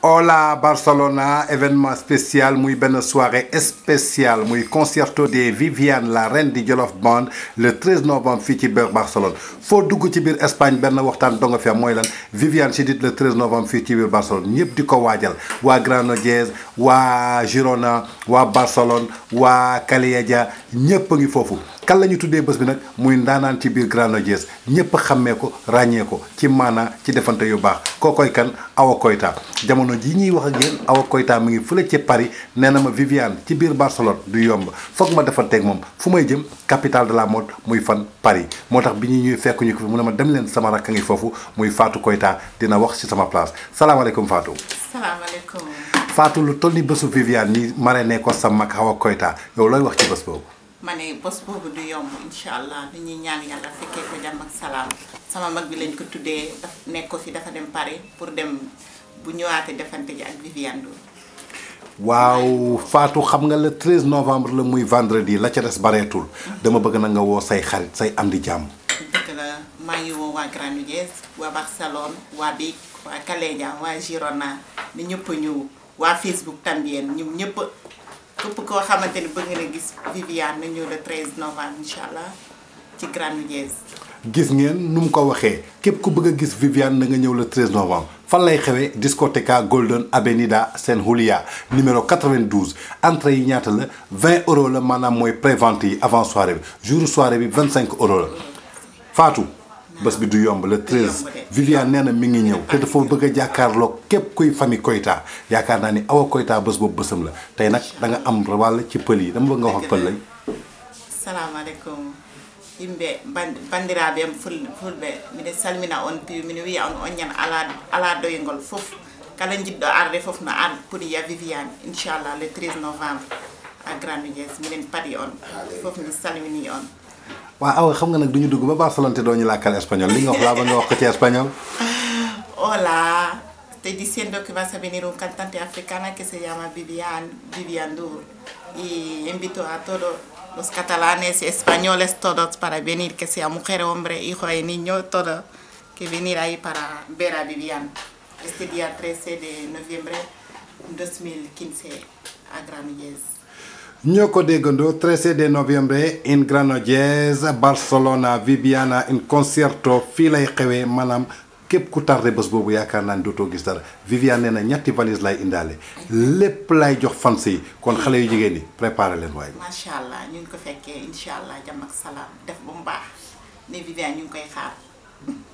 Hola Barcelona événement spécial muy benn soirée spéciale muy concerto de Viviane la reine de Jolof Band le 13 novembre fii Barcelone Faut du ci Espagne Bernard waxtaan donga fi am mooy lan Viviane si dit le 13 novembre fii ci Barcelone ñëpp di ko waajal waa Granollers à Girona à Barcelone wa Calella ñëpp a ngi foofu kan la ñu tuddee bés bi nag muy ndaanaan ci biir Grand Lodiès ñëpp xàmmee ko ràññee ko ci maanaa ci defante yu baax kookoy kan Awa Koyta jamono ji ñuy wax ak yéen Awa Koyta mi ngi fële ci Paris nee na ma Viviane ci biir Barcelone du yomb foog ma defanteeg moom fu may jëm capital de la mode muy fan Paris moo tax bi ñuy fekk ñu ko fi mu ne ma dem leen sama rakk ngi foofu muy faatu Koyta dina wax ci sama place salaamaaleykum Fatou. salaamaaleykum. lu toll ni bésu Viviane ñi marraine ko sa mag Awa Koyta yow looy wax ci bés boobu. mané boss bobu du yomb inshallah dañuy ñaan yalla féké ko jam ak salam sama mag bi lañ ko tuddé daf nekko fi dafa dem paré pour dem bu ñëwaaté defante ji ak Viviane do waaw fatou xam nga le 13 novembre le muy vendredi la ca dess barétul dama bëgg na nga wo say xarit say andi jam dëgg la ma ngi wo wa Granollers wa Barcelone wa Bic wa Calella wa Girona ni ñëpp wa Facebook tambien ñum ñëpp képp ko xamante bëgg na gis Viviane na ñëw le 13 novembre allah ci Grande Dièze. gis ngeen nu mu ko waxee képp ku bëgg a gis Viviane na nga ñëw le 13 novembre fan lay xewee discoteca Golden Avenida Sen Julia numéro 92 entrée yi ñaata la 20 euro la maanaam mooy prévente yi avant soirée bi jour soirée bi cinq euros la Fatou. bas bi du yomb le 13 Viviane nee mi ngi ñew te dafa bëgg a jàkkaarloog képp kuy famille Koyta yaakar na ni Awa Koyta bés boobu bésam la tay nak da nga am wàll ci pël yi dama bëgg nga wax ak pël lañ salaamaaleykum yimɓe bandiraɓe am fulɓe miɗen salmina on piwi miɗen wi on on ñan ala yengol fof kala jiɗɗo arde fof na an pour ya viviane inchallah le 13 novembre à grande mi len padi on fof mi salmini on waaw xam te español hola estoy diciendo que vas a venir un cantante africana que se llama Vivian Vivian y invito a todos los catalanes españoles todos para venir que sea mujer hombre hijo y niño todo que venir ahí para ver a Vivian este día 13 de noviembre 2015 a Granollers ñoko ko déggandoo 13 novembre in Granollers Barcelona Viviana in concerto fii lay xewee maanaam képp ku tardé bës boobu yaakaar naa ne dootoo gis dara Viviane nee na ñetti valise lay indaale lépp lay jox fans kon xale yu jigéen ñi préparé leen waaye. macha allah ñu ngi ko fekkee incha allah jàmm ak salaam def bu mu baax ne Viviane ñu ngi koy xaar.